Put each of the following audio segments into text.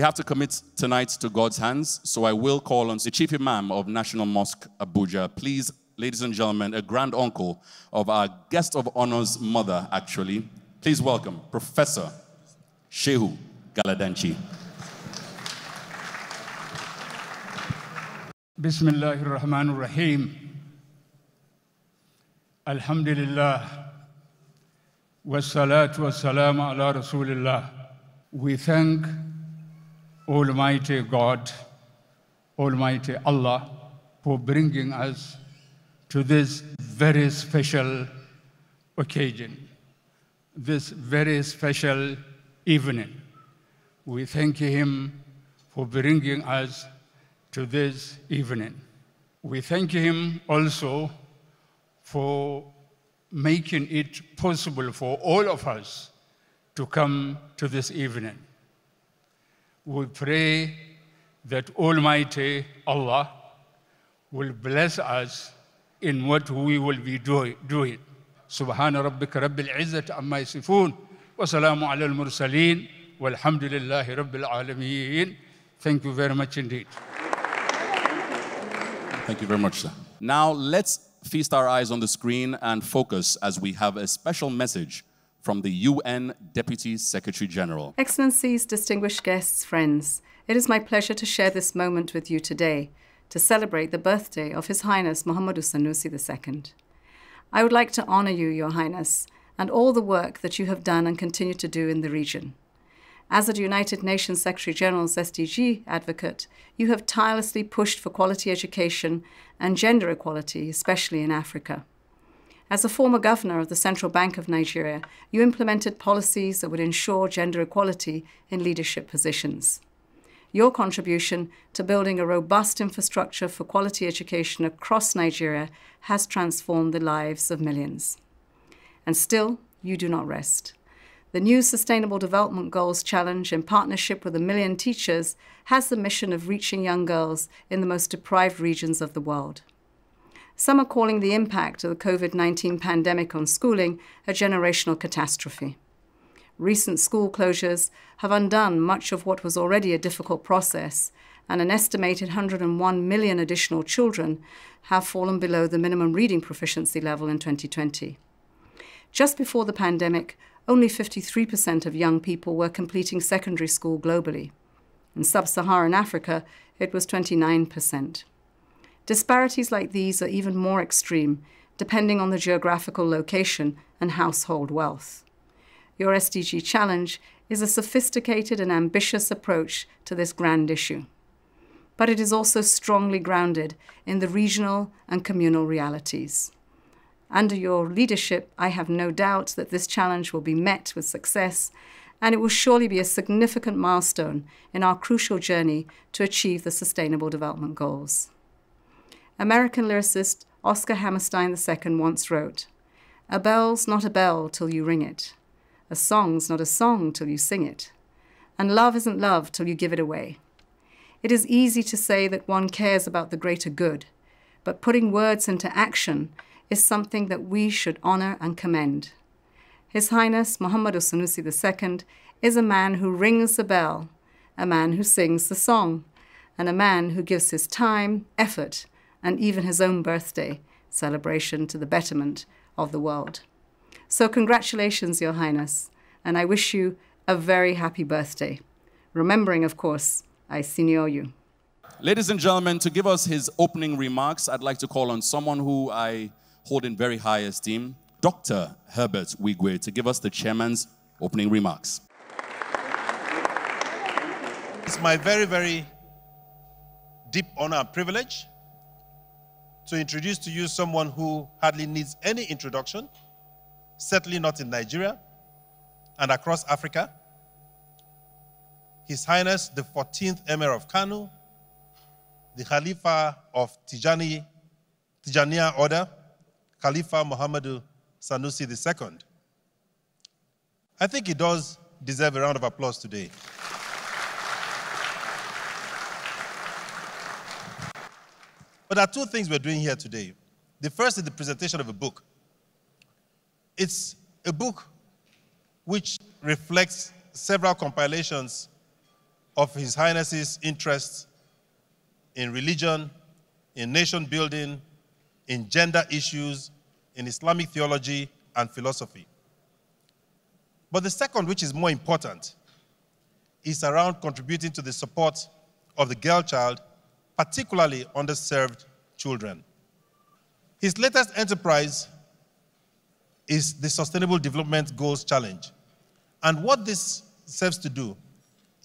We have to commit tonight to God's hands, so I will call on the Chief Imam of National Mosque Abuja. Please, ladies and gentlemen, a grand uncle of our guest of honor's mother, actually. Please welcome Professor Shehu Galadanchi. Bismillahir Rahmanir Rahim. Alhamdulillah. Wassalatu wassalamu ala Rasulillah. We thank Almighty God, Almighty Allah, for bringing us to this very special occasion, this very special evening. We thank Him for bringing us to this evening. We thank Him also for making it possible for all of us to come to this evening we pray that Almighty Allah will bless us in what we will be doing. doing. سبحان ربك رب العزة عما يصفون وسلام على المرسلين والحمد لله رب العالمين Thank you very much indeed. Thank you very much, sir. Now let's feast our eyes on the screen and focus as we have a special message from the UN Deputy Secretary General. Excellencies, distinguished guests, friends, it is my pleasure to share this moment with you today to celebrate the birthday of His Highness Muhammadu Sanusi II. I would like to honor you, Your Highness, and all the work that you have done and continue to do in the region. As a United Nations Secretary General's SDG advocate, you have tirelessly pushed for quality education and gender equality, especially in Africa. As a former governor of the Central Bank of Nigeria, you implemented policies that would ensure gender equality in leadership positions. Your contribution to building a robust infrastructure for quality education across Nigeria has transformed the lives of millions. And still, you do not rest. The new Sustainable Development Goals Challenge, in partnership with a million teachers, has the mission of reaching young girls in the most deprived regions of the world. Some are calling the impact of the COVID 19 pandemic on schooling a generational catastrophe. Recent school closures have undone much of what was already a difficult process, and an estimated 101 million additional children have fallen below the minimum reading proficiency level in 2020. Just before the pandemic, only 53% of young people were completing secondary school globally. In sub Saharan Africa, it was 29%. Disparities like these are even more extreme, depending on the geographical location and household wealth. Your SDG challenge is a sophisticated and ambitious approach to this grand issue. But it is also strongly grounded in the regional and communal realities. Under your leadership, I have no doubt that this challenge will be met with success, and it will surely be a significant milestone in our crucial journey to achieve the Sustainable Development Goals. American lyricist Oscar Hammerstein II once wrote A bell's not a bell till you ring it, a song's not a song till you sing it, and love isn't love till you give it away. It is easy to say that one cares about the greater good, but putting words into action is something that we should honor and commend. His Highness Muhammad Usanusi II is a man who rings the bell, a man who sings the song, and a man who gives his time, effort, and even his own birthday celebration to the betterment of the world. So, congratulations, Your Highness, and I wish you a very happy birthday. Remembering, of course, I senior you. Ladies and gentlemen, to give us his opening remarks, I'd like to call on someone who I hold in very high esteem, Dr. Herbert Wigwe, to give us the chairman's opening remarks. It's my very, very deep honor and privilege to introduce to you someone who hardly needs any introduction, certainly not in Nigeria and across Africa. His Highness the 14th Emir of Kanu, the Khalifa of Tijani, Tijaniya Order, Khalifa Muhammadu Sanusi II. I think he does deserve a round of applause today. But there are two things we're doing here today. The first is the presentation of a book. It's a book which reflects several compilations of His Highness's interests in religion, in nation building, in gender issues, in Islamic theology and philosophy. But the second, which is more important, is around contributing to the support of the girl child particularly underserved children. His latest enterprise is the Sustainable Development Goals Challenge. And what this serves to do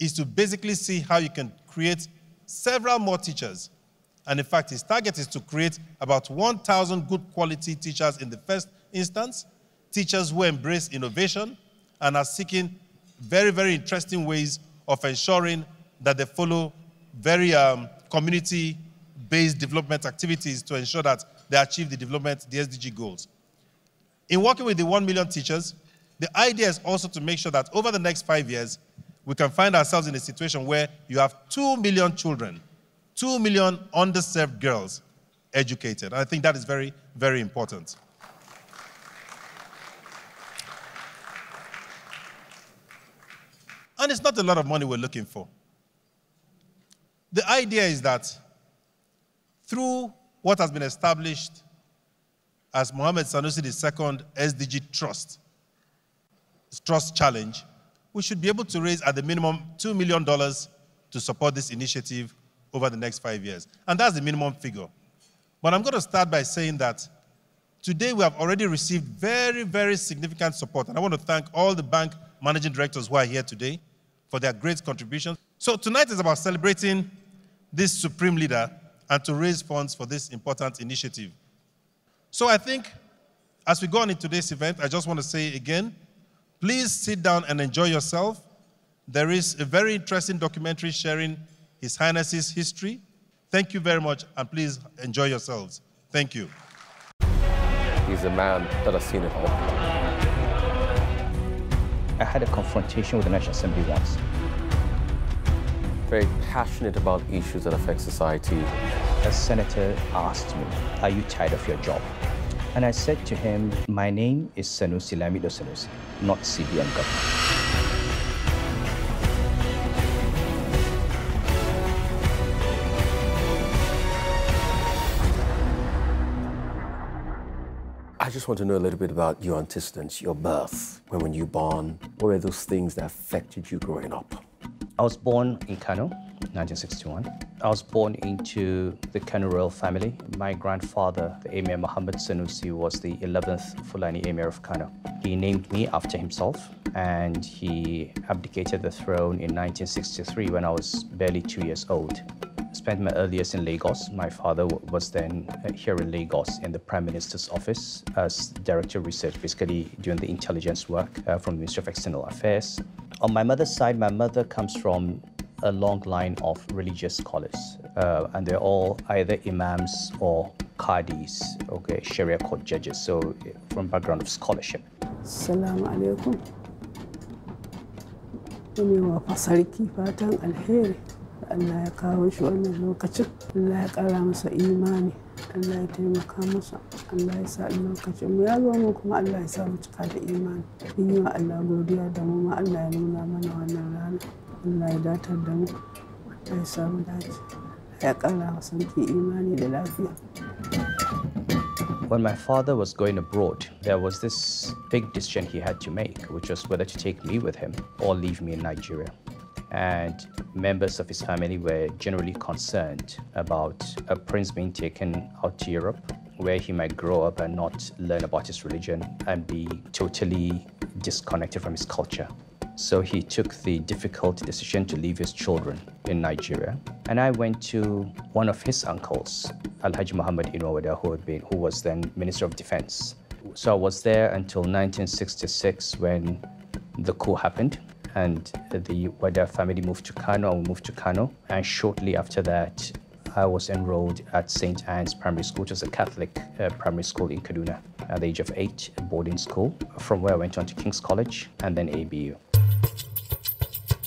is to basically see how you can create several more teachers. And in fact, his target is to create about 1,000 good quality teachers in the first instance, teachers who embrace innovation and are seeking very, very interesting ways of ensuring that they follow very um, community based development activities to ensure that they achieve the development, the SDG goals. In working with the 1 million teachers, the idea is also to make sure that over the next five years, we can find ourselves in a situation where you have 2 million children, 2 million underserved girls educated. I think that is very, very important. And it's not a lot of money we're looking for. The idea is that through what has been established as Mohammed Sanusi II SDG Trust, Trust Challenge, we should be able to raise at the minimum $2 million to support this initiative over the next five years. And that's the minimum figure. But I'm going to start by saying that today we have already received very, very significant support. And I want to thank all the bank managing directors who are here today for their great contributions. So tonight is about celebrating this supreme leader and to raise funds for this important initiative. So I think as we go on in today's event, I just want to say again, please sit down and enjoy yourself. There is a very interesting documentary sharing His Highness's history. Thank you very much, and please enjoy yourselves. Thank you. He's a man that has seen it all. I had a confrontation with the National Assembly once very passionate about issues that affect society. A senator asked me, are you tired of your job? And I said to him, my name is Senusi Lamido Senusi, not CBN government. I just want to know a little bit about your antecedents, your birth, when were you born, what were those things that affected you growing up? I was born in Kano, 1961. I was born into the Kano royal family. My grandfather, the Emir Muhammad Sanusi, was the 11th Fulani Emir of Kano. He named me after himself and he abdicated the throne in 1963 when I was barely two years old spent my earliest in Lagos. My father was then uh, here in Lagos in the Prime Minister's office as Director of Research, basically doing the intelligence work uh, from the Ministry of External Affairs. On my mother's side, my mother comes from a long line of religious scholars, uh, and they're all either imams or qadis, okay, Sharia court judges, so from background of scholarship. alaikum. wa alheri. Allah ya kawo shi wannan lokacin. Allah ya kara masa imani. Allah ya taimaka masa. Allah ya sa lokacin mu ya zo mu kuma Allah ya sa mu cika da imani. wa Allah godiya da mu ma Allah ya nuna mana wannan rana my daughter don ta samu dace ya kara wa imani da lafiya When my father was going abroad, there was this big decision he had to make, which was whether to take me with him or leave me in Nigeria. And members of his family were generally concerned about a prince being taken out to Europe, where he might grow up and not learn about his religion and be totally disconnected from his culture. So he took the difficult decision to leave his children in Nigeria. And I went to one of his uncles, Alhaji Muhammad Inouada, who, been, who was then Minister of Defense. So I was there until 1966 when the coup happened and the Wada family moved to Kano and we moved to Kano. And shortly after that, I was enrolled at St. Anne's Primary School, which is a Catholic uh, primary school in Kaduna, at the age of eight, boarding school, from where I went on to King's College and then ABU.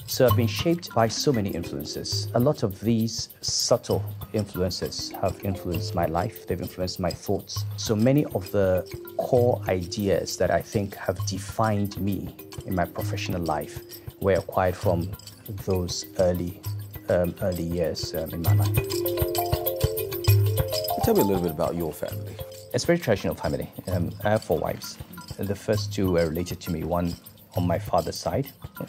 So I've been shaped by so many influences. A lot of these subtle influences have influenced my life, they've influenced my thoughts. So many of the core ideas that I think have defined me in my professional life were acquired from those early, um, early years um, in my life. Tell me a little bit about your family. It's a very traditional family. Um, I have four wives. The first two were related to me. One on my father's side,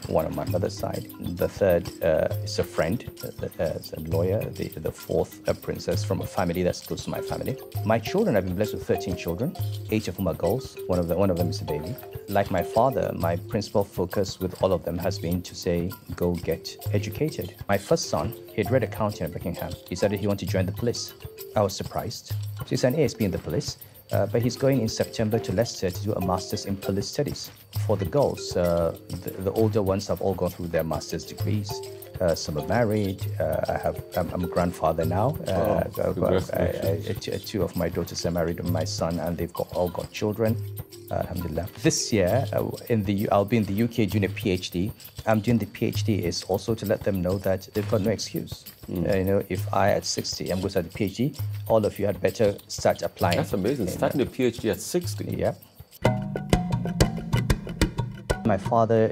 one on my mother's side. The third uh, is a friend, uh, uh a lawyer. The, the fourth, a princess from a family that's close to my family. My children, I've been blessed with 13 children, eight of whom are girls. One of, the, one of them is a baby. Like my father, my principal focus with all of them has been to say, go get educated. My first son, he had read accounting at Buckingham. He decided he wanted to join the police. I was surprised. So he's an ASP in the police. Uh, but he's going in September to Leicester to do a master's in police studies for the girls. Uh, the, the, older ones have all gone through their master's degrees uh, some are married. Uh, I have, I'm, I'm, a grandfather now. Uh, oh, I, I, I, two of my daughters are married, and my son, and they've got all got children. Uh, alhamdulillah. This year, uh, in the I'll be in the UK doing a PhD. I'm doing the PhD is also to let them know that they've got no excuse. Mm. you know, if I at 60 am going to start PhD, all of you had better start applying. That's amazing. Starting the PhD at 60. Yeah. My father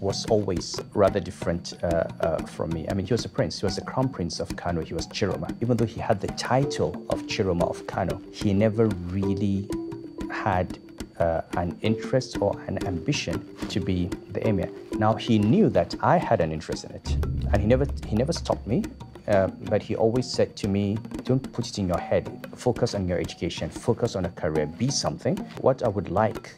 was always rather different uh, uh, from me. I mean, he was a prince. He was the crown prince of Kano. He was Chiroma. Even though he had the title of Chiroma of Kano, he never really had uh, an interest or an ambition to be the emir. Now he knew that I had an interest in it, and he never he never stopped me. Uh, but he always said to me, don't put it in your head. Focus on your education, focus on a career, be something. What I would like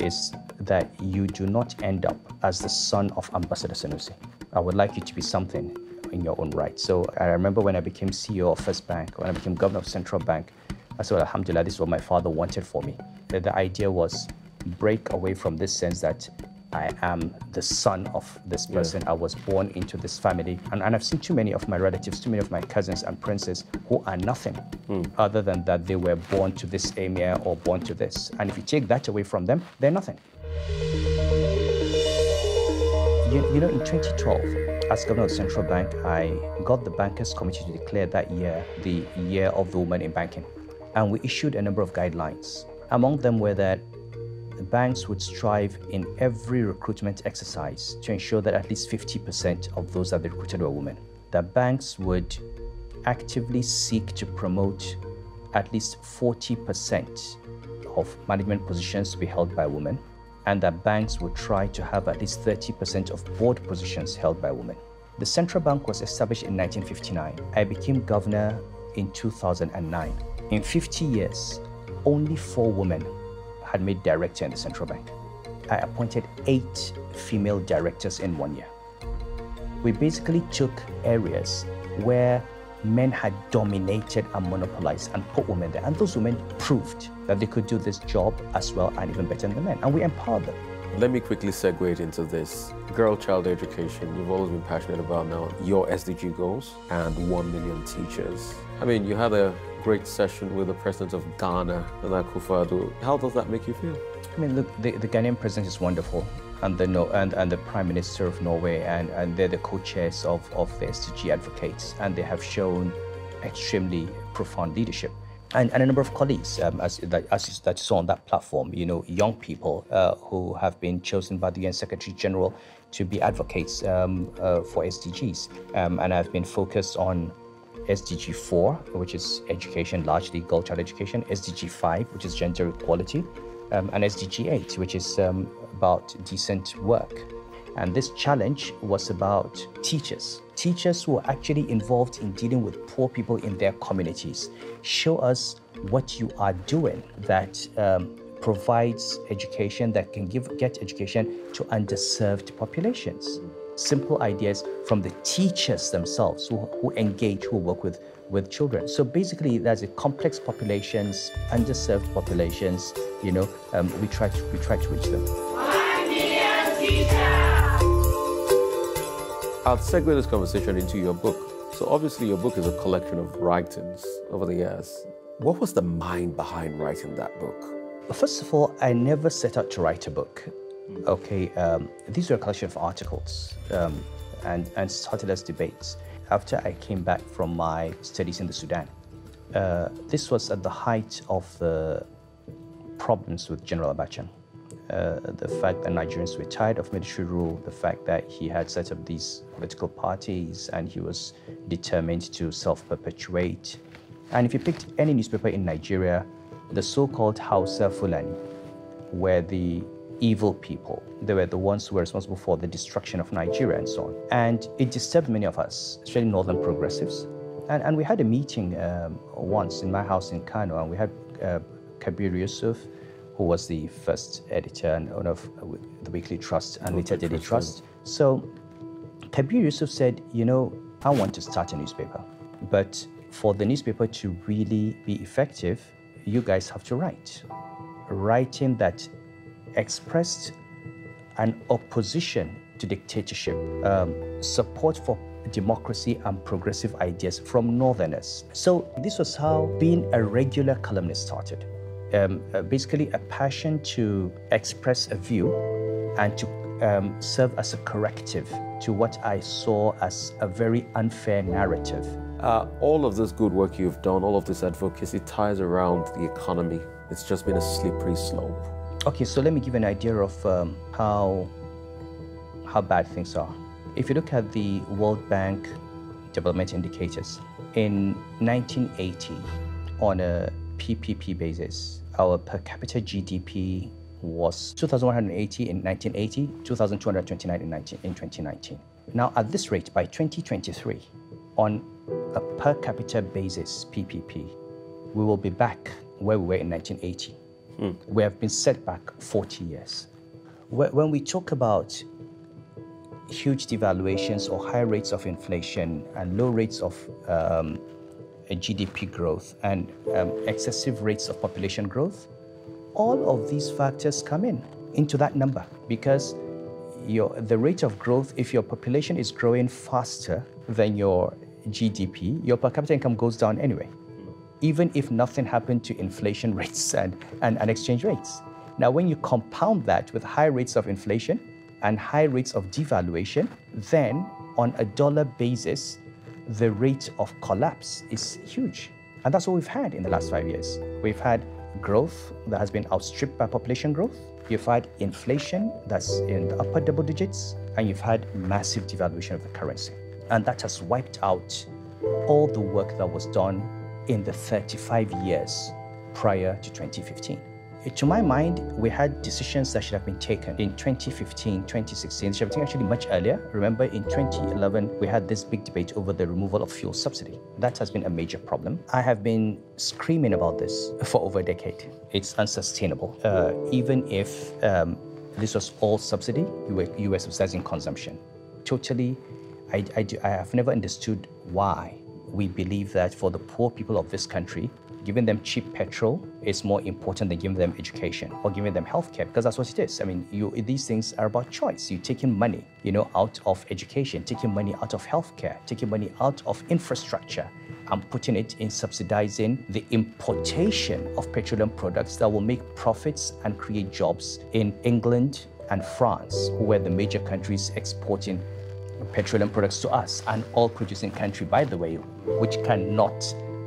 is that you do not end up as the son of Ambassador Sanusi. I would like you to be something in your own right. So I remember when I became CEO of First Bank, when I became governor of Central Bank, I said, Alhamdulillah, this is what my father wanted for me. That the idea was break away from this sense that I am the son of this person. Yeah. I was born into this family. And, and I've seen too many of my relatives, too many of my cousins and princes who are nothing mm. other than that they were born to this emir or born to this. And if you take that away from them, they're nothing. You, you know, in 2012, as governor of the central bank, I got the bankers committee to declare that year the year of the woman in banking. And we issued a number of guidelines. Among them were that the banks would strive in every recruitment exercise to ensure that at least 50% of those that they recruited were women. That banks would actively seek to promote at least 40% of management positions to be held by women, and that banks would try to have at least 30% of board positions held by women. The central bank was established in 1959. I became governor in 2009. In 50 years, only four women had made director in the central bank. I appointed eight female directors in one year. We basically took areas where men had dominated and monopolized and put women there. And those women proved that they could do this job as well and even better than the men. And we empowered them. Let me quickly segue into this. Girl child education, you've always been passionate about now your SDG goals and 1 million teachers. I mean, you had a great session with the president of Ghana, Nana Akufo-Addo. How does that make you feel? I mean, look, the, the Ghanaian president is wonderful, and the and, and the prime minister of Norway, and, and they're the co-chairs of, of the SDG advocates, and they have shown extremely profound leadership. And, and, a number of colleagues, um, as, that, as that you saw on that platform, you know, young people uh, who have been chosen by the UN Secretary General to be advocates um, uh, for SDGs, um, and have been focused on SDG 4, which is education, largely girl child education, SDG 5, which is gender equality, um, and SDG 8, which is um, about decent work. And this challenge was about teachers. Teachers who are actually involved in dealing with poor people in their communities. Show us what you are doing that um, provides education, that can give get education to underserved populations simple ideas from the teachers themselves who, who engage, who work with, with children. So basically, there's a complex populations, underserved populations. You know, um, we try to we try to reach them. I'll segue this conversation into your book. So obviously, your book is a collection of writings over the years. What was the mind behind writing that book? First of all, I never set out to write a book. Mm. Okay, um, these were a collection of articles um, and, and started as debates. After I came back from my studies in the Sudan, uh, this was at the height of the problems with General Abacha. Uh, the fact that Nigerians were tired of military rule, the fact that he had set up these political parties and he was determined to self perpetuate. And if you picked any newspaper in Nigeria, the so called Hausa Fulani where the evil people. They were the ones who were responsible for the destruction of Nigeria and so on. And it disturbed many of us, especially Northern progressives. And, and we had a meeting um, once in my house in Kano, and we had uh, Kabir Yusuf, who was the first editor and owner of uh, the Weekly Trust and Weekly Daily Trust. So Kabir Yusuf said, You know, I want to start a newspaper, but for the newspaper to really be effective, you guys have to write. Writing that expressed an opposition to dictatorship, um, support for democracy and progressive ideas from Northerners. So this was how being a regular columnist started. Um, uh, basically a passion to express a view and to um, serve as a corrective to what I saw as a very unfair narrative. Uh, all of this good work you've done, all of this advocacy ties around the economy. It's just been a slippery slope. Okay, so let me give an idea of um, how how bad things are. If you look at the World Bank development indicators, in 1980, on a PPP basis, our per capita GDP was 2,180 in 1980, 2,229 in, in 2019. Now, at this rate, by 2023, on a per capita basis, PPP, we will be back where we were in 1980. Mm. We have been set back 40 years. When we talk about huge devaluations or high rates of inflation and low rates of um, GDP growth and um, excessive rates of population growth, all of these factors come in into that number because your, the rate of growth, if your population is growing faster than your GDP, your per capita income goes down anyway even if nothing happened to inflation rates and, and, and exchange rates. Now, when you compound that with high rates of inflation and high rates of devaluation, then on a dollar basis, the rate of collapse is huge. And that's what we've had in the last five years. We've had growth that has been outstripped by population growth. You've had inflation that's in the upper double digits, and you've had massive devaluation of the currency. And that has wiped out all the work that was done in the 35 years prior to 2015. To my mind, we had decisions that should have been taken in 2015, 2016, should have been actually much earlier. Remember, in 2011, we had this big debate over the removal of fuel subsidy. That has been a major problem. I have been screaming about this for over a decade. It's unsustainable. Uh, even if um, this was all subsidy, you were, you were subsidizing consumption. Totally, I, I, do, I have never understood why we believe that for the poor people of this country, giving them cheap petrol is more important than giving them education or giving them healthcare because that's what it is. I mean, you, these things are about choice. You're taking money, you know, out of education, taking money out of healthcare, taking money out of infrastructure, and putting it in subsidizing the importation of petroleum products that will make profits and create jobs in England and France, who are the major countries exporting petroleum products to us, an oil producing country, by the way, which cannot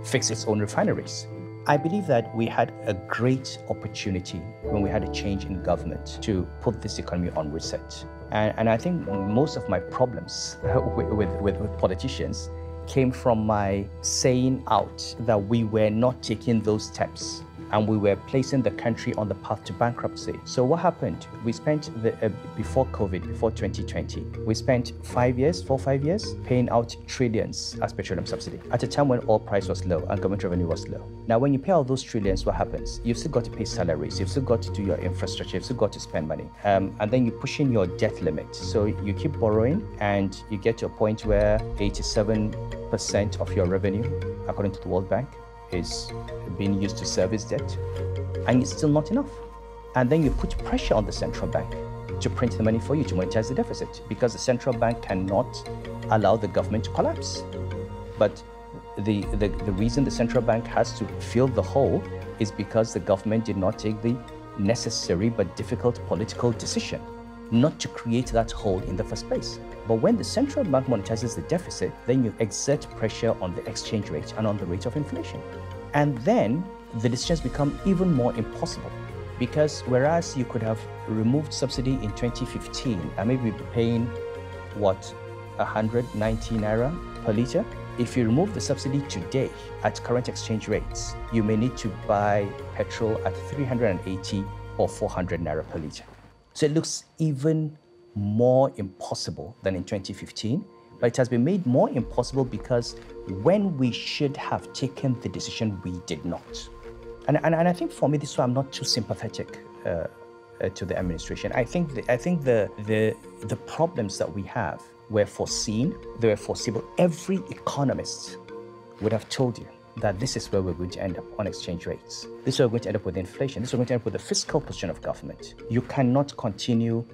fix its own refineries. I believe that we had a great opportunity when we had a change in government to put this economy on reset. And, and I think most of my problems with, with, with politicians came from my saying out that we were not taking those steps and we were placing the country on the path to bankruptcy. So what happened? We spent the uh, before COVID, before 2020, we spent five years, four five years, paying out trillions as petroleum subsidy at a time when oil price was low and government revenue was low. Now, when you pay all those trillions, what happens? You've still got to pay salaries, you've still got to do your infrastructure, you've still got to spend money, um, and then you're pushing your debt limit. So you keep borrowing, and you get to a point where 87% of your revenue, according to the World Bank, is being used to service debt, and it's still not enough. And then you put pressure on the central bank to print the money for you to monetize the deficit because the central bank cannot allow the government to collapse. But the, the, the reason the central bank has to fill the hole is because the government did not take the necessary but difficult political decision not to create that hole in the first place. But when the central bank monetizes the deficit, then you exert pressure on the exchange rate and on the rate of inflation. And then the decisions become even more impossible because whereas you could have removed subsidy in 2015 and maybe be paying what 190 naira per liter, if you remove the subsidy today at current exchange rates, you may need to buy petrol at 380 or 400 naira per liter. So it looks even more impossible than in 2015, but it has been made more impossible because when we should have taken the decision, we did not. And, and, and I think for me, this is why I'm not too sympathetic uh, uh, to the administration. I think the, I think the, the, the problems that we have were foreseen, they were foreseeable. Every economist would have told you that this is where we're going to end up on exchange rates. This is where we're going to end up with inflation. This is where we're going to end up with the fiscal position of government. You cannot continue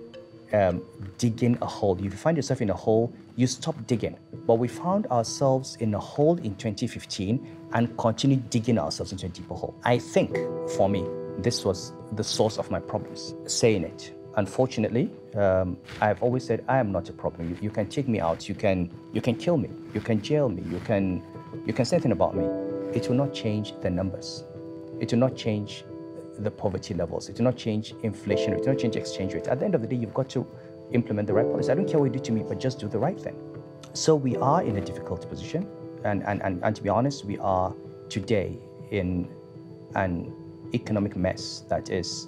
um, digging a hole. If you find yourself in a hole, you stop digging. But we found ourselves in a hole in 2015 and continued digging ourselves into a deeper hole. I think for me, this was the source of my problems, saying it. Unfortunately, um, I've always said I am not a problem. You, you can take me out, you can, you can kill me, you can jail me, you can, you can say anything about me. It will not change the numbers. It will not change the poverty levels. It will not change inflation. It will not change exchange rates. At the end of the day, you've got to implement the right policy. I don't care what you do to me, but just do the right thing. So we are in a difficult position. And, and, and, and to be honest, we are today in an economic mess that is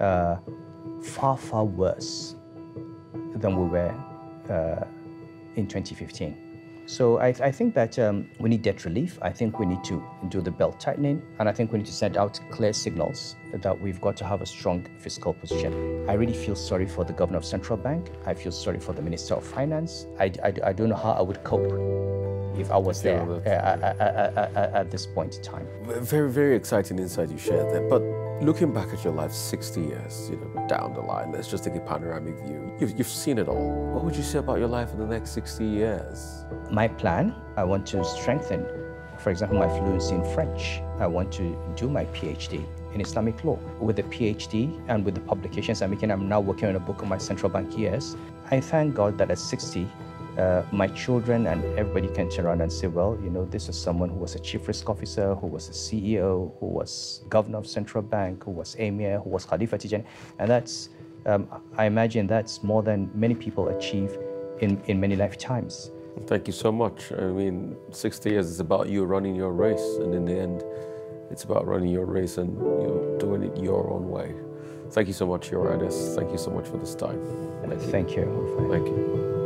uh, far, far worse than we were uh, in 2015. So I, I think that um, we need debt relief. I think we need to do the belt tightening. And I think we need to send out clear signals that we've got to have a strong fiscal position. I really feel sorry for the governor of central bank. I feel sorry for the minister of finance. I, I, I don't know how I would cope if I was there at, at, at, at this point in time. Very, very exciting insight you shared there. But Looking back at your life 60 years, you know, down the line, let's just take a panoramic view. You've, you've seen it all. What would you say about your life in the next 60 years? My plan, I want to strengthen, for example, my fluency in French. I want to do my PhD in Islamic law. With the PhD and with the publications I'm making, I'm now working on a book on my central bank years. I thank God that at 60, uh, my children and everybody can turn around and say, well, you know, this is someone who was a chief risk officer, who was a CEO, who was governor of central bank, who was emir, who was Khalifa Tijan. And that's, um, I imagine that's more than many people achieve in, in many lifetimes. Thank you so much. I mean, 60 years is about you running your race. And in the end, it's about running your race and you know, doing it your own way. Thank you so much, Your Highness. Thank you so much for this time. Thank you. Thank you. Thank you.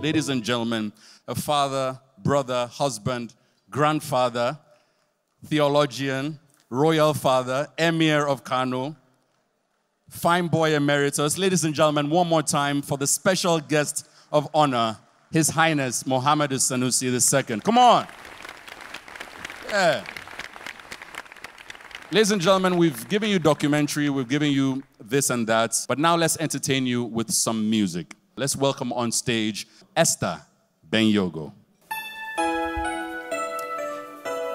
ladies and gentlemen, a father, brother, husband, grandfather, theologian, royal father, emir of Kano, fine boy emeritus. Ladies and gentlemen, one more time for the special guest of honor, His Highness Mohammed Sanusi II. Come on. Yeah. Ladies and gentlemen, we've given you documentary, we've given you this and that, but now let's entertain you with some music. Let's welcome on stage Esther Benyogo.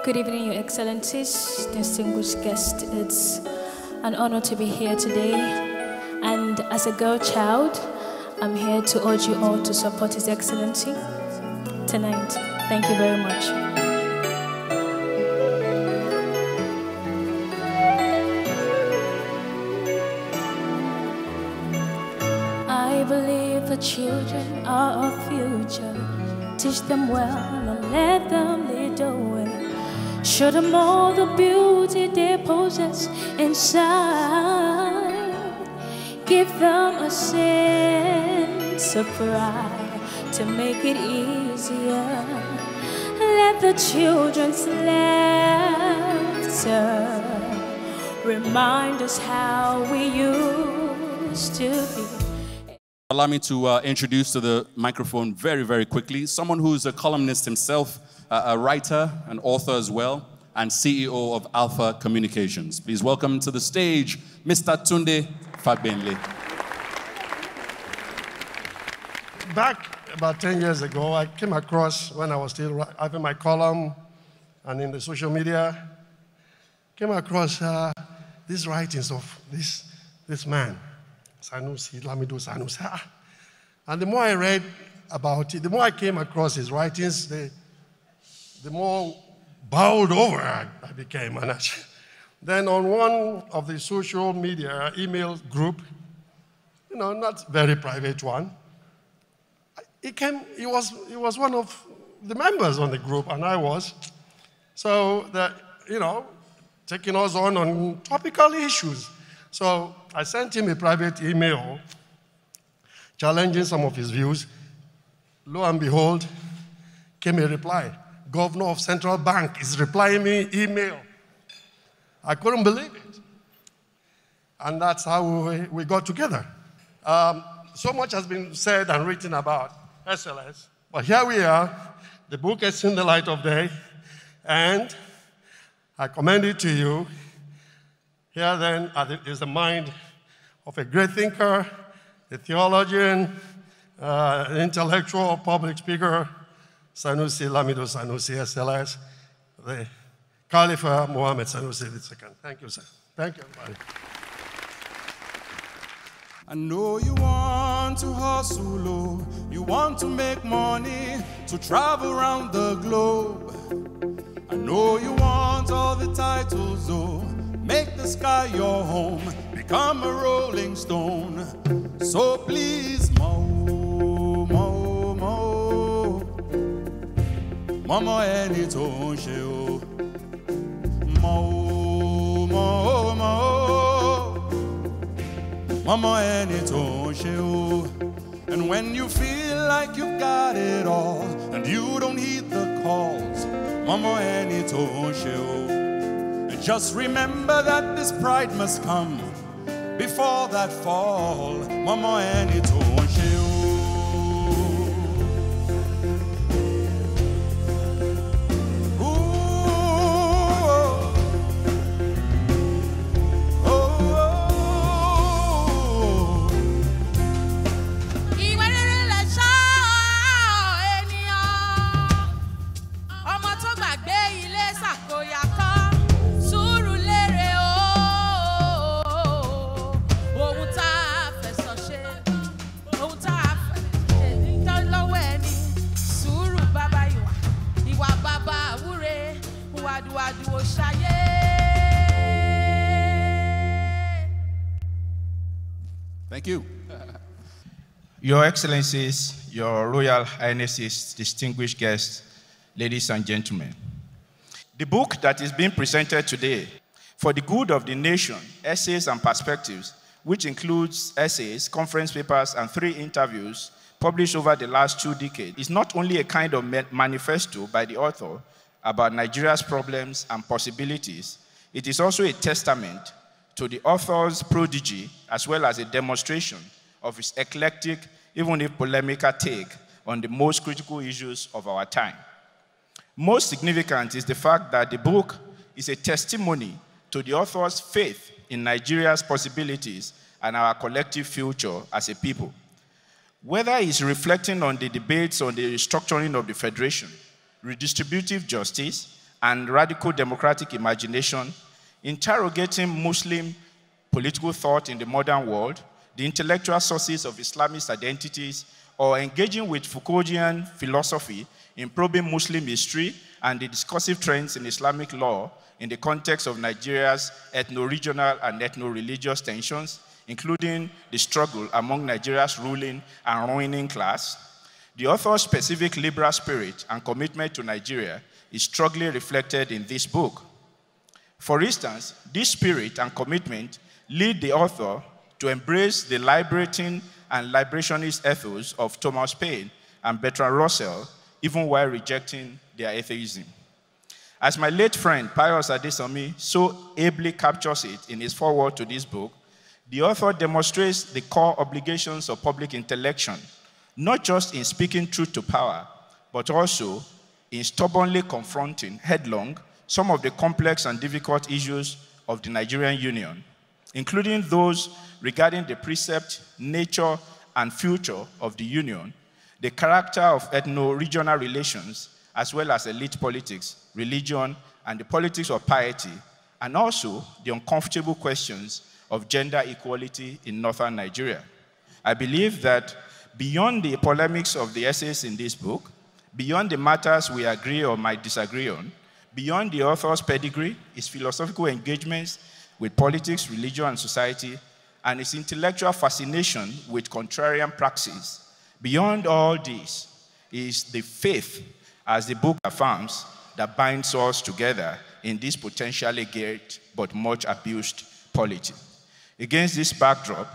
Good evening, Your Excellencies, distinguished guests. It's an honor to be here today. And as a girl child, I'm here to urge you all to support His Excellency tonight. Thank you very much. our future. Teach them well and let them lead the way. Show them all the beauty they possess inside. Give them a sense of pride to make it easier. Let the children's laughter remind us how we used to be. Allow me to uh, introduce to the microphone very, very quickly someone who is a columnist himself, uh, a writer, an author as well, and CEO of Alpha Communications. Please welcome to the stage Mr. Tunde Fabenle. Back about 10 years ago, I came across when I was still having my column and in the social media, came across uh, these writings of this, this man. Sanusi, Lamido Sanusi. And the more I read about it, the more I came across his writings, the, the more bowled over I, became. And I, then on one of the social media email group, you know, not very private one, it came, He was, He was one of the members on the group, and I was. So that, you know, taking us on on topical issues. So I sent him a private email challenging some of his views. Lo and behold, came a reply. Governor of Central Bank is replying me email. I couldn't believe it. And that's how we, we got together. Um, so much has been said and written about SLS. But here we are. The book has seen the light of day. And I commend it to you. Here then is uh, the mind of a great thinker, a theologian, uh, an intellectual, public speaker, Sanusi Lamido Sanusi SLS, the Caliph Muhammad Sanusi II. Thank you, sir. Thank you, everybody. I know you want to hustle, oh, you want to make money, to travel around the globe. I know you want all the titles, oh. Make the sky your home, become a rolling stone. So please, mo, mo, mo. Mama ẹni tó ń ṣe Mo, mo, mo. Mama ẹni tó And when you feel like you've got it all and you don't heed the calls, Mama ẹni tó ń just remember that this pride must come before that fall. Mama, and it's Your Excellencies, Your Royal Highnesses, distinguished guests, ladies and gentlemen. The book that is being presented today, For the Good of the Nation Essays and Perspectives, which includes essays, conference papers, and three interviews published over the last two decades, is not only a kind of manifesto by the author about Nigeria's problems and possibilities, it is also a testament to the author's prodigy as well as a demonstration of his eclectic, even if polemical take on the most critical issues of our time. Most significant is the fact that the book is a testimony to the author's faith in Nigeria's possibilities and our collective future as a people. Whether he's reflecting on the debates on the restructuring of the Federation, redistributive justice, and radical democratic imagination, interrogating Muslim political thought in the modern world, the intellectual sources of Islamist identities, or engaging with Foucauldian philosophy in probing Muslim history and the discursive trends in Islamic law in the context of Nigeria's ethno-regional and ethno-religious tensions, including the struggle among Nigeria's ruling and ruining class. The author's specific liberal spirit and commitment to Nigeria is strongly reflected in this book. For instance, this spirit and commitment lead the author to embrace the liberating and liberationist ethos of Thomas Paine and Bertrand Russell, even while rejecting their atheism. As my late friend Pius Adesomi so ably captures it in his foreword to this book, the author demonstrates the core obligations of public intellection, not just in speaking truth to power, but also in stubbornly confronting headlong some of the complex and difficult issues of the Nigerian Union including those regarding the precept, nature, and future of the Union, the character of ethno regional relations, as well as elite politics, religion, and the politics of piety, and also the uncomfortable questions of gender equality in northern Nigeria. I believe that beyond the polemics of the essays in this book, beyond the matters we agree or might disagree on, beyond the author's pedigree, his philosophical engagements, with politics, religion, and society, and his intellectual fascination with contrarian praxis. Beyond all this is the faith, as the book affirms, that binds us together in this potentially great but much abused polity. Against this backdrop,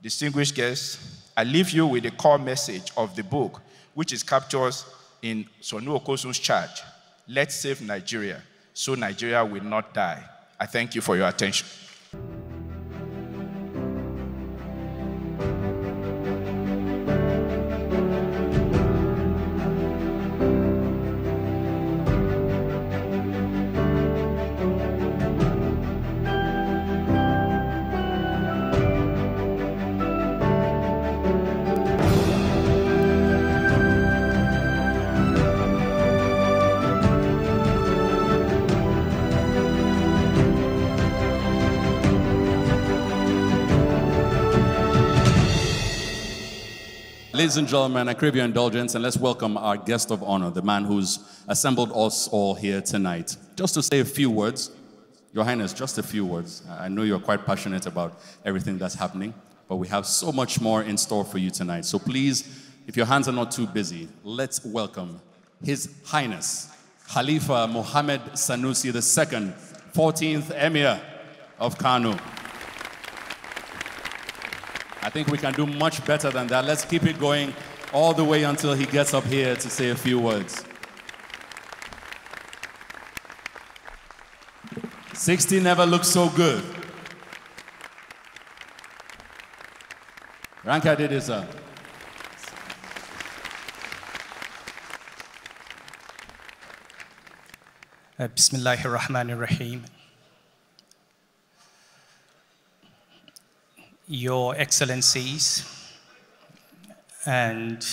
distinguished guests, I leave you with the core message of the book, which is captured in Sonu Okosun's charge Let's save Nigeria so Nigeria will not die. I thank you for your attention. Ladies and gentlemen, I crave your indulgence and let's welcome our guest of honor, the man who's assembled us all here tonight. Just to say a few words, Your Highness, just a few words. I know you're quite passionate about everything that's happening, but we have so much more in store for you tonight. So please, if your hands are not too busy, let's welcome His Highness, Khalifa Mohammed Sanusi II, 14th Emir of Kanu. I think we can do much better than that. Let's keep it going all the way until he gets up here to say a few words. 60 never looked so good. Ranka did it, sir. Uh, Bismillahir Rahmanir Rahim. Your Excellencies, and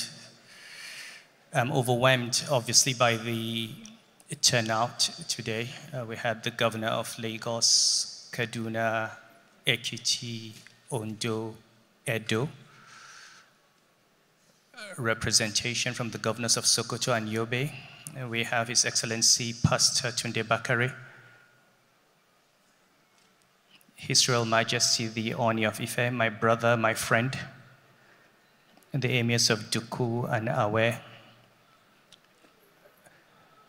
I'm overwhelmed, obviously, by the turnout today. Uh, we had the governor of Lagos, Kaduna, Ekiti, Ondo, Edo. Representation from the governors of Sokoto and Yobe. Uh, we have His Excellency Pastor Tunde Bakare, his Royal Majesty the Oni of Ife, my brother, my friend, the emirs of Duku and Awe,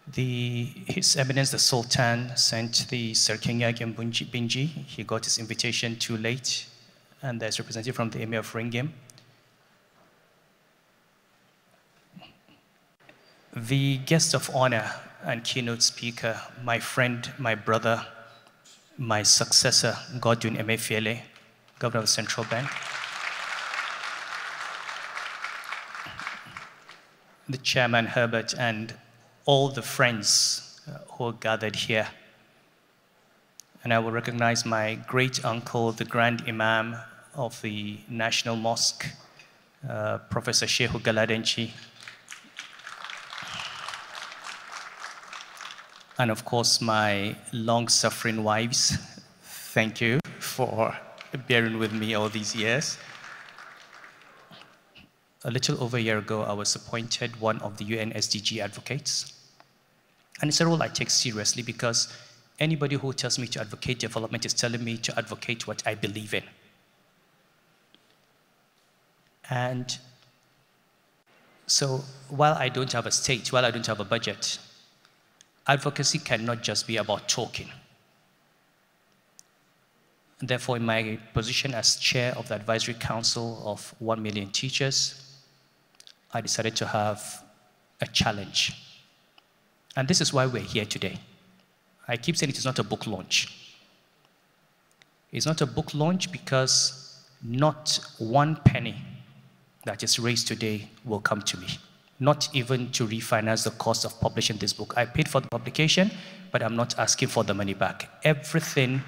the, His Eminence the Sultan sent the Serkenya Gembunji Binji. He got his invitation too late, and there's representative from the Emir of Ringim. The guest of honor and keynote speaker, my friend, my brother, my successor, Godwin Emefiele, Governor of the Central Bank. the Chairman Herbert and all the friends uh, who are gathered here. And I will recognize my great uncle, the Grand Imam of the National Mosque, uh, Professor Shehu Galadenchi. and of course my long-suffering wives. Thank you for bearing with me all these years. A little over a year ago, I was appointed one of the UN SDG advocates. And it's a role I take seriously because anybody who tells me to advocate development is telling me to advocate what I believe in. And so while I don't have a state, while I don't have a budget, advocacy cannot just be about talking. And therefore, in my position as chair of the advisory council of 1 million teachers, I decided to have a challenge. And this is why we're here today. I keep saying it is not a book launch. It's not a book launch because not one penny that is raised today will come to me not even to refinance the cost of publishing this book. I paid for the publication, but I'm not asking for the money back. Everything,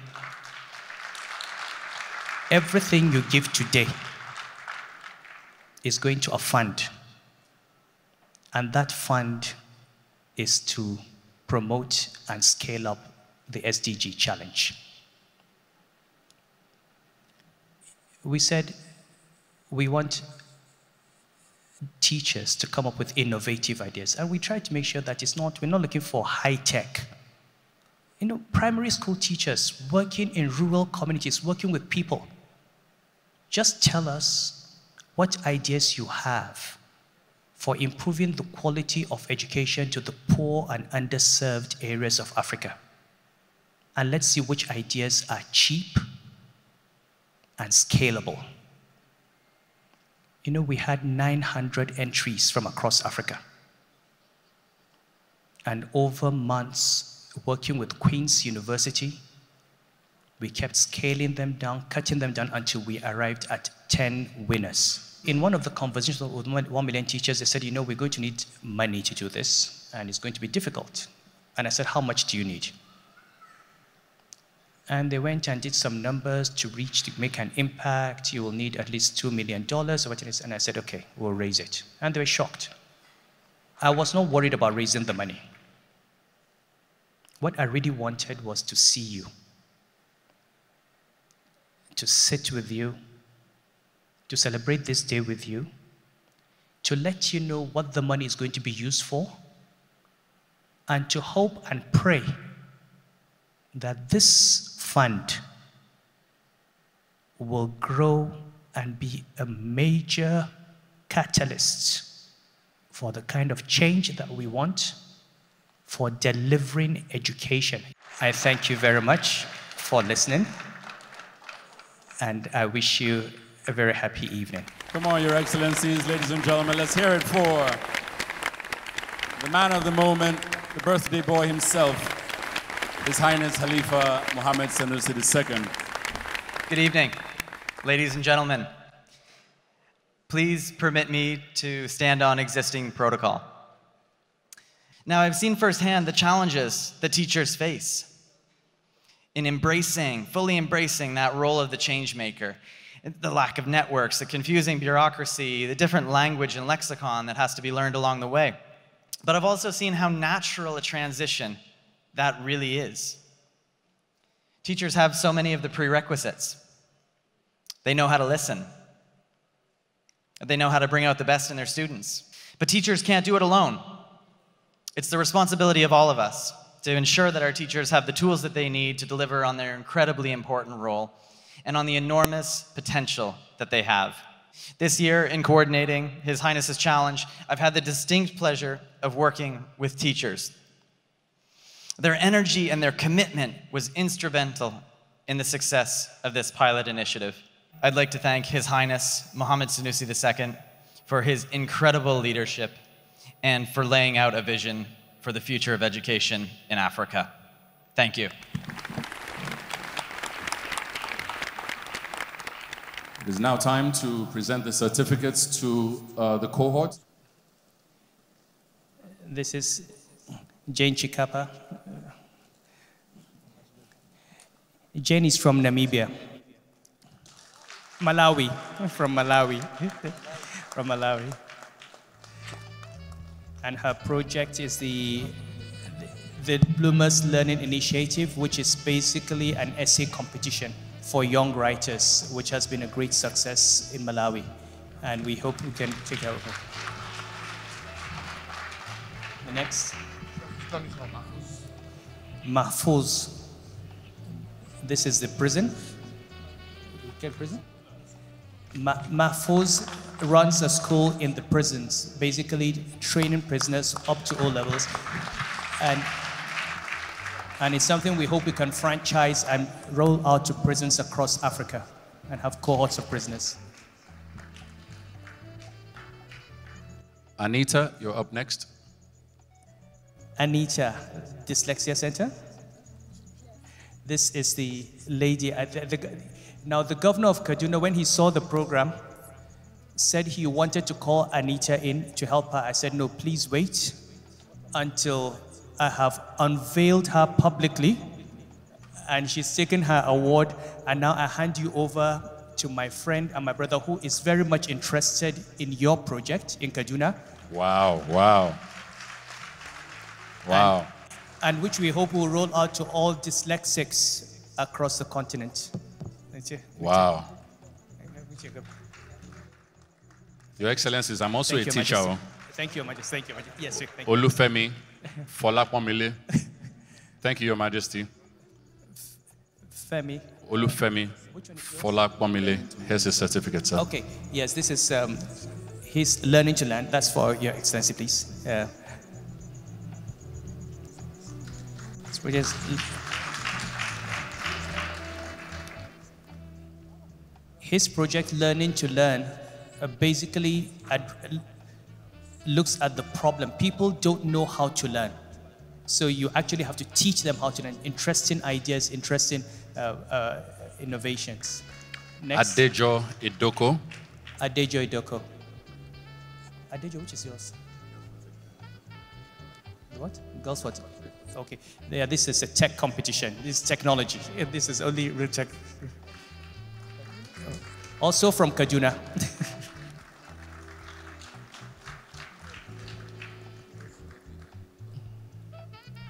everything you give today is going to a fund. And that fund is to promote and scale up the SDG challenge. We said we want teachers to come up with innovative ideas. And we try to make sure that it's not, we're not looking for high tech. You know, primary school teachers working in rural communities, working with people. Just tell us what ideas you have for improving the quality of education to the poor and underserved areas of Africa. And let's see which ideas are cheap and scalable you know, we had 900 entries from across Africa. And over months, working with Queen's University, we kept scaling them down, cutting them down until we arrived at 10 winners. In one of the conversations with 1 million teachers, they said, You know, we're going to need money to do this, and it's going to be difficult. And I said, How much do you need? And they went and did some numbers to reach, to make an impact. You will need at least $2 million or it is. And I said, okay, we'll raise it. And they were shocked. I was not worried about raising the money. What I really wanted was to see you, to sit with you, to celebrate this day with you, to let you know what the money is going to be used for, and to hope and pray that this fund will grow and be a major catalyst for the kind of change that we want for delivering education. I thank you very much for listening and I wish you a very happy evening. Come on, Your Excellencies, ladies and gentlemen, let's hear it for the man of the moment, the birthday boy himself, his Highness Khalifa Mohammed Sanusi II. Good evening, ladies and gentlemen. Please permit me to stand on existing protocol. Now, I've seen firsthand the challenges the teachers face in embracing, fully embracing that role of the change maker. The lack of networks, the confusing bureaucracy, the different language and lexicon that has to be learned along the way. But I've also seen how natural a transition that really is. Teachers have so many of the prerequisites. They know how to listen, they know how to bring out the best in their students. But teachers can't do it alone. It's the responsibility of all of us to ensure that our teachers have the tools that they need to deliver on their incredibly important role and on the enormous potential that they have. This year, in coordinating His Highness's challenge, I've had the distinct pleasure of working with teachers their energy and their commitment was instrumental in the success of this pilot initiative. I'd like to thank His Highness Mohammed Sanusi II for his incredible leadership and for laying out a vision for the future of education in Africa. Thank you. It is now time to present the certificates to uh, the cohort. This is Jane Chikapa. Jane is from Namibia. Malawi, from Malawi, from Malawi. And her project is the, the Bloomers Learning Initiative, which is basically an essay competition for young writers, which has been a great success in Malawi. And we hope we can take care of it. The next. Mahfuz. Mahfuz. This is the prison. UK prison. Ma Mahfuz runs a school in the prisons, basically training prisoners up to all levels. And, and it's something we hope we can franchise and roll out to prisons across Africa and have cohorts of prisoners. Anita, you're up next. Anita Dyslexia Center. This is the lady. The, the, now, the governor of Kaduna, when he saw the program, said he wanted to call Anita in to help her. I said, no, please wait until I have unveiled her publicly and she's taken her award. And now I hand you over to my friend and my brother who is very much interested in your project in Kaduna. Wow, wow. Wow. And, and, which we hope will roll out to all dyslexics across the continent. Wow. Your Excellencies, I'm also Thank a teacher. Majesty. Oh. Thank you, Your Majesty. Thank you, Majesty. Yes, sir. Thank Olufemi, Folapomile. Thank you, Your Majesty. Femi. Olufemi Folapomile. Here's his certificate, sir. Okay. Yes, this is um, his learning to learn. That's for Your Excellency, please. Uh, because his project learning to learn uh, basically ad- looks at the problem people don't know how to learn so you actually have to teach them how to learn interesting ideas interesting uh, uh, innovations Next. adejo idoko adejo idoko adejo which is yours what girls what Okay. Yeah, this is a tech competition. This is technology. This is only real tech. Also from Kaduna.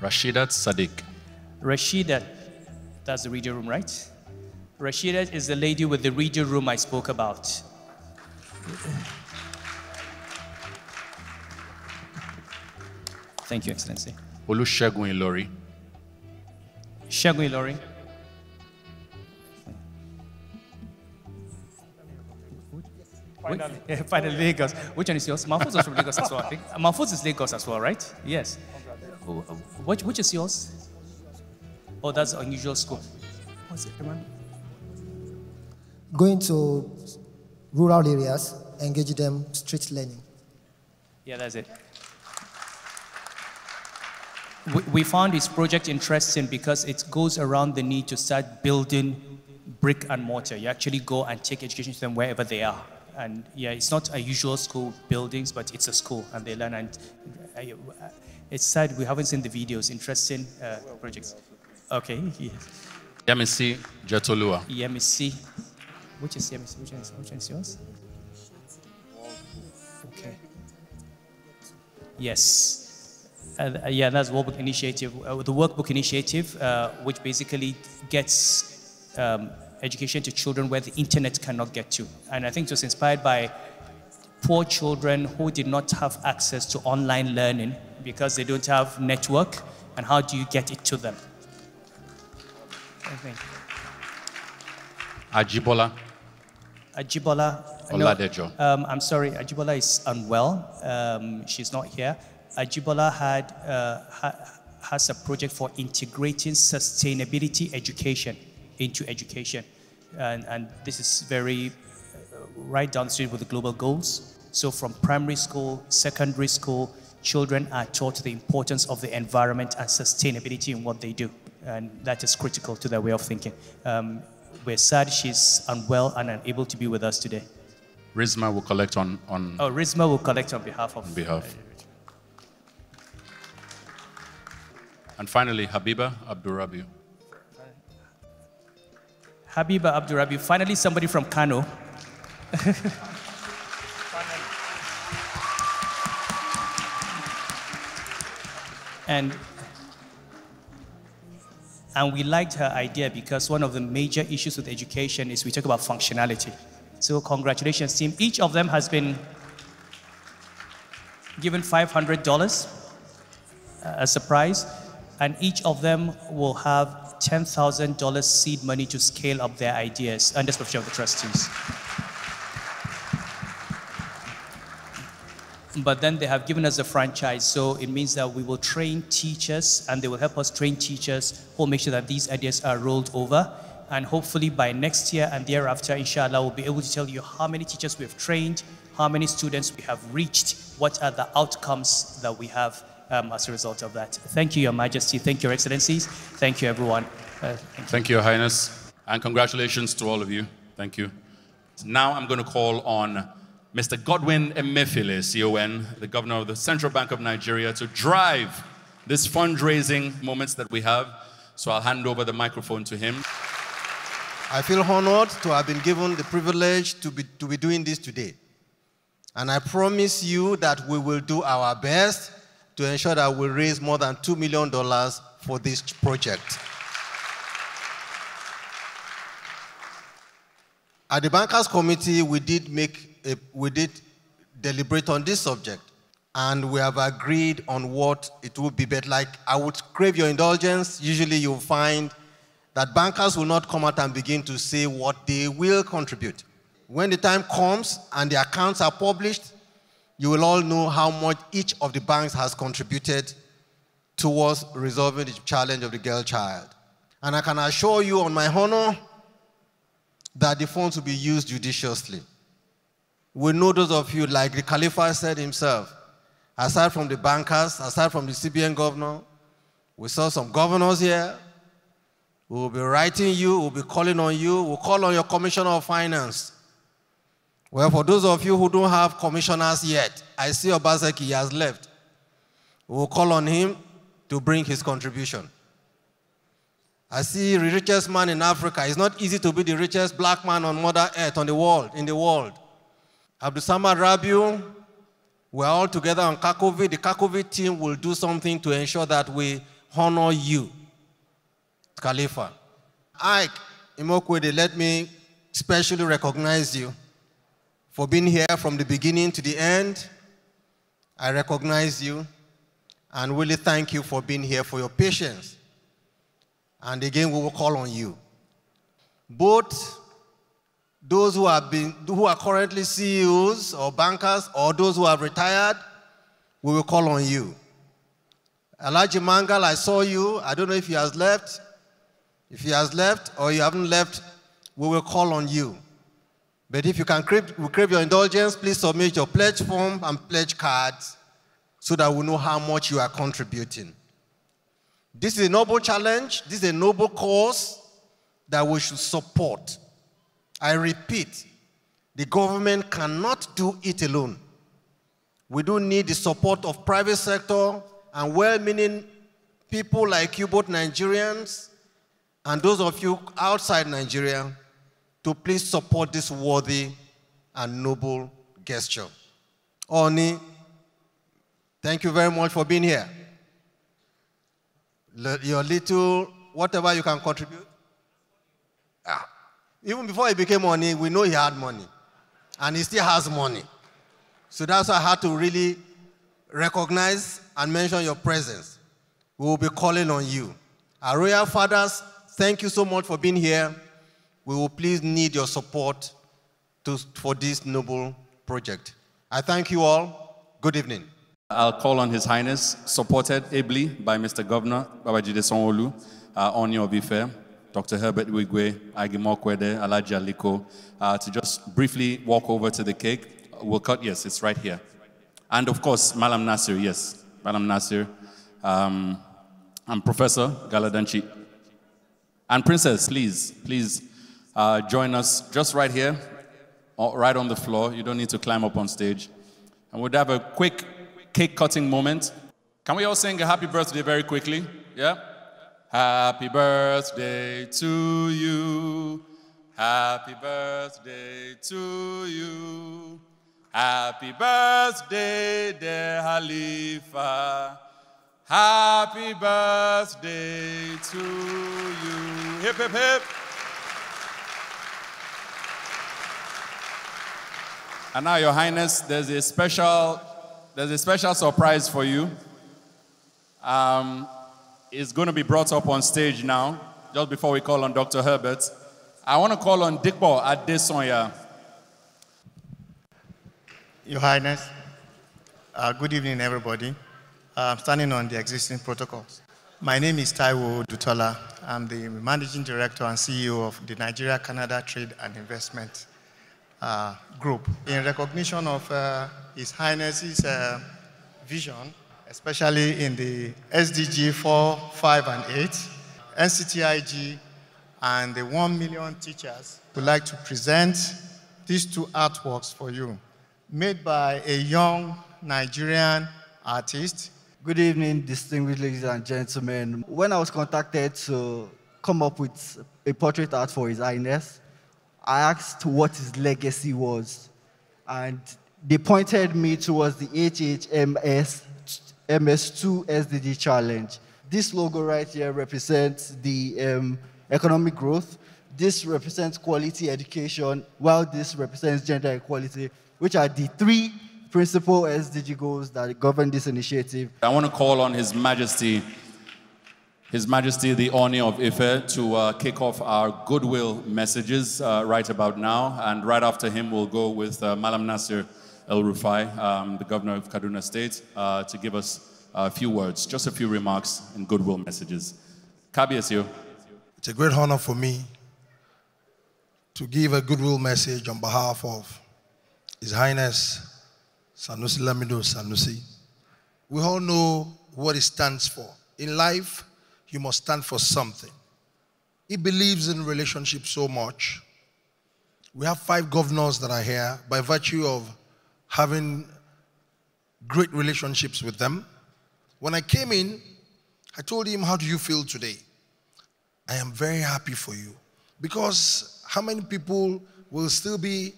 Rashida Sadiq. Rashida, that's the reader room, right? Rashida is the lady with the reader room I spoke about. Thank you, Excellency. Olusegun Ilori. Segun Ilori. Finally. Which, finally, Lagos. Which one is yours? Mahfouz is from Lagos as well, I think. Mahfouz is Lagos as well, right? Yes. Which, which is yours? Oh, that's unusual school. What's it, remember? Going to rural areas, engage them, street learning. Yeah, that's it we found this project interesting because it goes around the need to start building brick and mortar. You actually go and take education to them wherever they are. And yeah, it's not a usual school buildings, but it's a school and they learn. And uh, it's sad we haven't seen the videos. Interesting uh, projects. Okay. Yes. MEC Jetolua. MEC. Which is MEC? Which is, which is yours? Okay. Yes uh, yeah, that's workbook initiative, uh, the workbook initiative, uh, which basically gets um, education to children where the internet cannot get to. And I think it was inspired by poor children who did not have access to online learning because they don't have network, and how do you get it to them? Okay. Ajibola. Ajibola. Oladejo. No, um, I'm sorry, Ajibola is unwell. Um, she's not here. Ajibola had, uh, ha, has a project for integrating sustainability education into education. And, and this is very uh, right down the street with the global goals. So from primary school, secondary school, children are taught the importance of the environment and sustainability in what they do. And that is critical to their way of thinking. Um, we're sad she's unwell and unable to be with us today. Rizma will collect on, on... Oh, Rizma will collect on behalf of... On behalf. Uh, And finally, Habiba Abdurabiu. Habiba Abdurabiu. Finally, somebody from Kano. and and we liked her idea because one of the major issues with education is we talk about functionality. So congratulations, team. Each of them has been given $500 uh, as a surprise and each of them will have $10,000 seed money to scale up their ideas under supervision of the trustees. but then they have given us a franchise. So it means that we will train teachers and they will help us train teachers who will make sure that these ideas are rolled over. And hopefully by next year and thereafter, inshallah, we'll be able to tell you how many teachers we have trained, how many students we have reached, what are the outcomes that we have um, as a result of that. Thank you, Your Majesty. Thank you, Your Excellencies. Thank you, everyone. Uh, thank, you. thank you, Your Highness. And congratulations to all of you. Thank you. Now I'm going to call on Mr. Godwin Emefile, CON, the governor of the Central Bank of Nigeria, to drive this fundraising moments that we have. So I'll hand over the microphone to him. I feel honored to have been given the privilege to be, to be doing this today. And I promise you that we will do our best to ensure that we raise more than $2 million for this project. At the Bankers Committee, we did, make a, we did deliberate on this subject, and we have agreed on what it would be. But like, I would crave your indulgence. Usually, you'll find that bankers will not come out and begin to say what they will contribute. When the time comes and the accounts are published, you will all know how much each of the banks has contributed towards resolving the challenge of the girl child. And I can assure you on my honor that the funds will be used judiciously. We know those of you, like the Caliph said himself, aside from the bankers, aside from the CBN governor, we saw some governors here. We will be writing you, we'll be calling on you, we'll call on your commissioner of finance well, for those of you who don't have commissioners yet, I see Obaseki has left. We'll call on him to bring his contribution. I see the richest man in Africa. It's not easy to be the richest black man on Mother Earth, on the world, in the world. Abdul Samad Rabiu, we're all together on Kakovi. The Kakovi team will do something to ensure that we honor you, Khalifa. Ike Imokwede, let me specially recognize you for being here from the beginning to the end. I recognize you and really thank you for being here, for your patience. And again, we will call on you. Both those who, have been, who are currently CEOs or bankers or those who have retired, we will call on you. Alaji Mangal, I saw you. I don't know if he has left. If he has left or you haven't left, we will call on you. But if you can crave, crave your indulgence, please submit your pledge form and pledge cards so that we know how much you are contributing. This is a noble challenge. This is a noble cause that we should support. I repeat, the government cannot do it alone. We do need the support of private sector and well-meaning people like you, both Nigerians and those of you outside Nigeria, to please support this worthy and noble gesture. Oni, thank you very much for being here. Your little, whatever you can contribute. Ah. Even before he became Oni, we know he had money. And he still has money. So that's why I had to really recognize and mention your presence. We will be calling on you. Our royal fathers, thank you so much for being here we will please need your support to, for this noble project. I thank you all. Good evening. I'll call on His Highness, supported ably by Mr. Governor Babajide Sonolu, uh, Oni Obife, Dr. Herbert Wigwe, Agimokwede, Alaji Aliko, uh, to just briefly walk over to the cake. We'll cut, yes, it's right here. And of course, Malam Nasir, yes, Malam Nasir, um, and Professor Galadanchi. And Princess, please, please uh, join us just right here, right on the floor. You don't need to climb up on stage. And we'll have a quick cake cutting moment. Can we all sing a happy birthday very quickly? Yeah? Happy birthday to you. Happy birthday to you. Happy birthday, dear Halifa. Happy birthday to you. Hip, hip, hip. And now, Your Highness, there's a special, there's a special surprise for you. Um, it's going to be brought up on stage now, just before we call on Dr. Herbert. I want to call on Dikbo Adesonya. Your Highness, uh, good evening, everybody. Uh, I'm standing on the existing protocols. My name is Taiwo Dutola. I'm the Managing Director and CEO of the Nigeria Canada Trade and Investment uh, group in recognition of uh, His Highness's uh, vision, especially in the SDG 4, 5, and 8, NCTIG, and the 1 million teachers would like to present these two artworks for you, made by a young Nigerian artist. Good evening, distinguished ladies and gentlemen. When I was contacted to come up with a portrait art for His Highness, I asked what his legacy was. And they pointed me towards the HHMS MS2 SDG challenge. This logo right here represents the um, economic growth. This represents quality education, while this represents gender equality, which are the three principal SDG goals that govern this initiative. I want to call on His Majesty his Majesty the Oni of Ife to uh, kick off our goodwill messages uh, right about now. And right after him, we'll go with uh, Malam Nasir El Rufai, um, the governor of Kaduna State, uh, to give us a few words, just a few remarks and goodwill messages. Kabi Esio. It's a great honor for me to give a goodwill message on behalf of His Highness Sanusi Lamido Sanusi. We all know what it stands for. In life, you must stand for something. He believes in relationships so much. We have five governors that are here by virtue of having great relationships with them. When I came in, I told him, How do you feel today? I am very happy for you. Because how many people will still be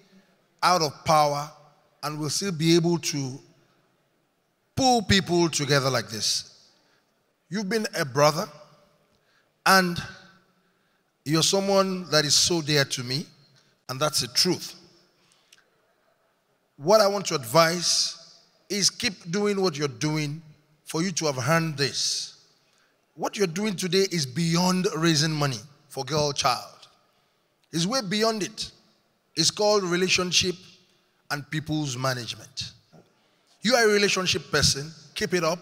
out of power and will still be able to pull people together like this? You've been a brother and you're someone that is so dear to me, and that's the truth. What I want to advise is keep doing what you're doing for you to have earned this. What you're doing today is beyond raising money for girl child. It's way beyond it. It's called relationship and people's management. You are a relationship person. Keep it up.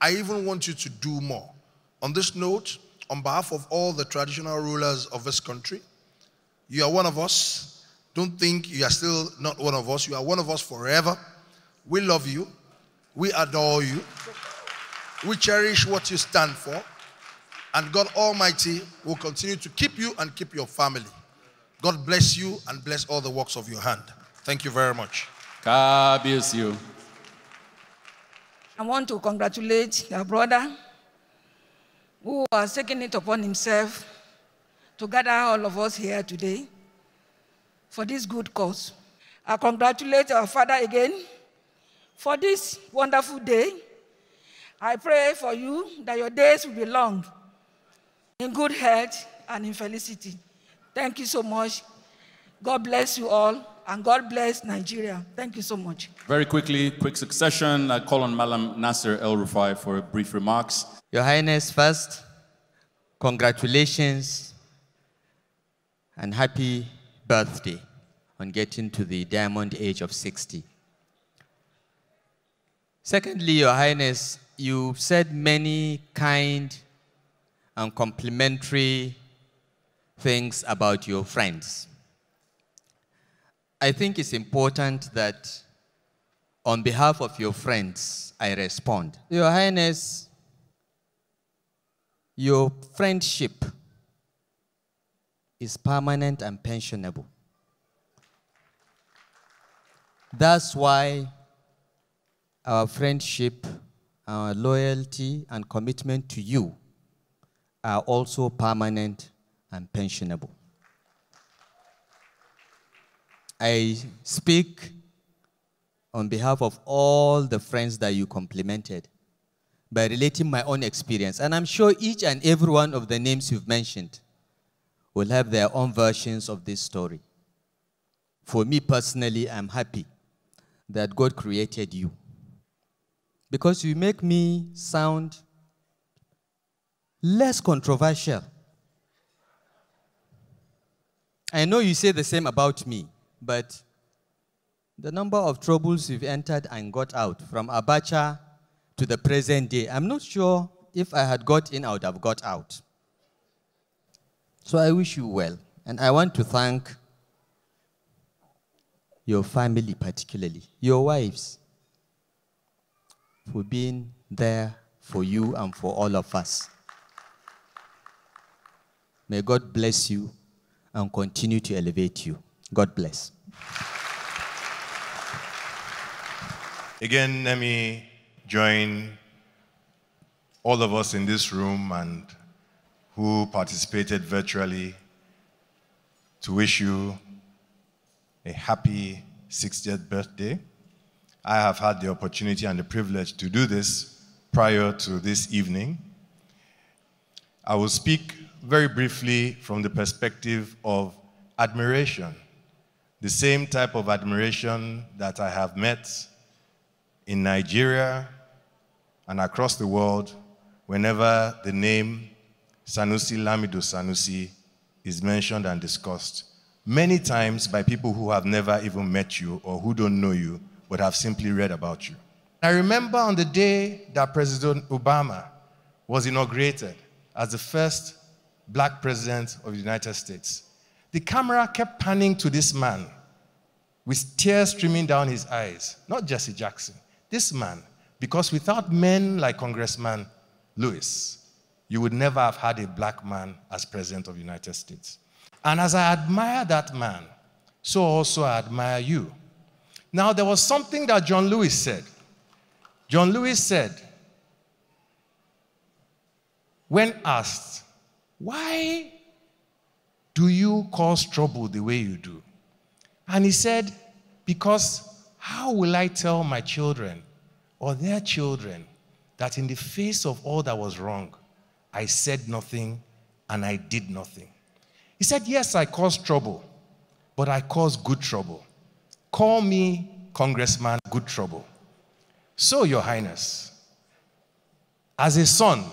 I even want you to do more. On this note, on behalf of all the traditional rulers of this country, you are one of us. Don't think you are still not one of us. You are one of us forever. We love you. We adore you. We cherish what you stand for. And God Almighty will continue to keep you and keep your family. God bless you and bless all the works of your hand. Thank you very much. God bless you. I want to congratulate your brother who has taken it upon himself to gather all of us here today for this good cause. I congratulate our Father again for this wonderful day. I pray for you that your days will be long in good health and in felicity. Thank you so much. God bless you all. And God bless Nigeria. Thank you so much. Very quickly, quick succession. I call on Malam Nasser El Rufai for brief remarks. Your Highness, first, congratulations and happy birthday on getting to the diamond age of 60. Secondly, Your Highness, you've said many kind and complimentary things about your friends. I think it's important that on behalf of your friends, I respond. Your Highness, your friendship is permanent and pensionable. That's why our friendship, our loyalty, and commitment to you are also permanent and pensionable. I speak on behalf of all the friends that you complimented by relating my own experience. And I'm sure each and every one of the names you've mentioned will have their own versions of this story. For me personally, I'm happy that God created you because you make me sound less controversial. I know you say the same about me. But the number of troubles we've entered and got out from Abacha to the present day, I'm not sure if I had got in, I would have got out. So I wish you well. And I want to thank your family, particularly, your wives, for being there for you and for all of us. May God bless you and continue to elevate you. God bless. Again, let me join all of us in this room and who participated virtually to wish you a happy 60th birthday. I have had the opportunity and the privilege to do this prior to this evening. I will speak very briefly from the perspective of admiration the same type of admiration that I have met in Nigeria and across the world whenever the name Sanusi Lamido Sanusi is mentioned and discussed, many times by people who have never even met you or who don't know you, but have simply read about you. I remember on the day that President Obama was inaugurated as the first black president of the United States, the camera kept panning to this man with tears streaming down his eyes. Not Jesse Jackson, this man. Because without men like Congressman Lewis, you would never have had a black man as president of the United States. And as I admire that man, so also I admire you. Now, there was something that John Lewis said. John Lewis said, when asked, Why do you cause trouble the way you do? And he said, Because how will I tell my children or their children that in the face of all that was wrong, I said nothing and I did nothing? He said, Yes, I caused trouble, but I caused good trouble. Call me Congressman Good Trouble. So, Your Highness, as a son,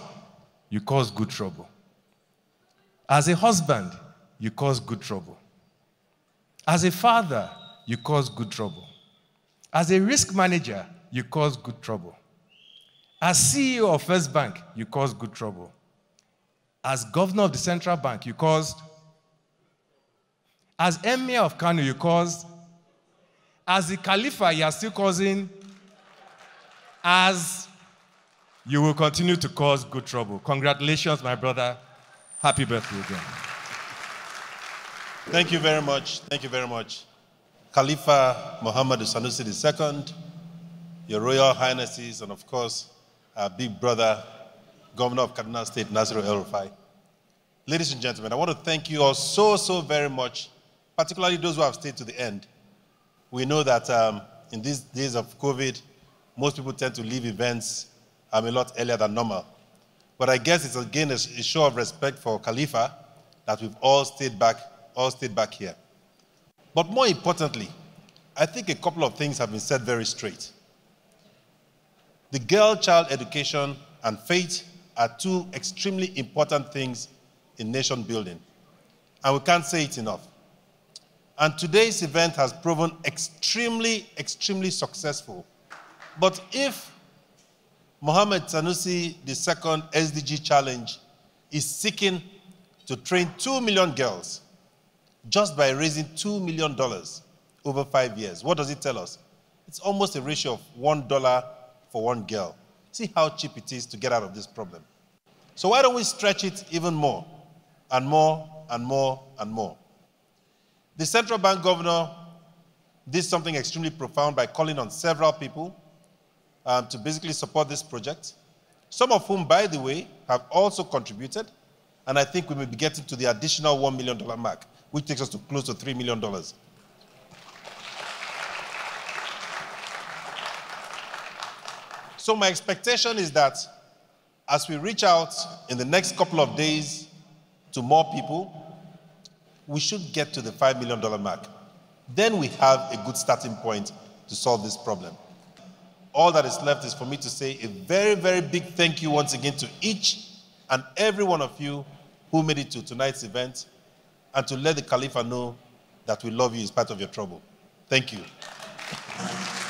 you cause good trouble. As a husband, you cause good trouble. As a father, you cause good trouble. As a risk manager, you cause good trouble. As CEO of First Bank, you cause good trouble. As governor of the central bank, you caused. As emir of Kano, you caused. As the Khalifa, you are still causing. As you will continue to cause good trouble. Congratulations, my brother. Happy birthday again. Thank you very much. Thank you very much. Khalifa Muhammad Sanusi II, Your Royal Highnesses, and of course, our big brother, Governor of Kaduna State, Nasiru El Rufai. Ladies and gentlemen, I want to thank you all so, so very much, particularly those who have stayed to the end. We know that um, in these days of COVID, most people tend to leave events um, a lot earlier than normal. But I guess it's again a, a show of respect for Khalifa that we've all stayed back all stayed back here. But more importantly, I think a couple of things have been said very straight. The girl child education and faith are two extremely important things in nation building. And we can't say it enough. And today's event has proven extremely, extremely successful. But if Mohammed Sanusi II SDG Challenge is seeking to train 2 million girls just by raising $2 million over five years. What does it tell us? It's almost a ratio of $1 for one girl. See how cheap it is to get out of this problem. So, why don't we stretch it even more and more and more and more? The central bank governor did something extremely profound by calling on several people um, to basically support this project, some of whom, by the way, have also contributed. And I think we may be getting to the additional $1 million mark which takes us to close to $3 million. So my expectation is that as we reach out in the next couple of days to more people, we should get to the $5 million mark. Then we have a good starting point to solve this problem. All that is left is for me to say a very, very big thank you once again to each and every one of you who made it to tonight's event and to let the Khalifa know that we love you in spite of your trouble. Thank you.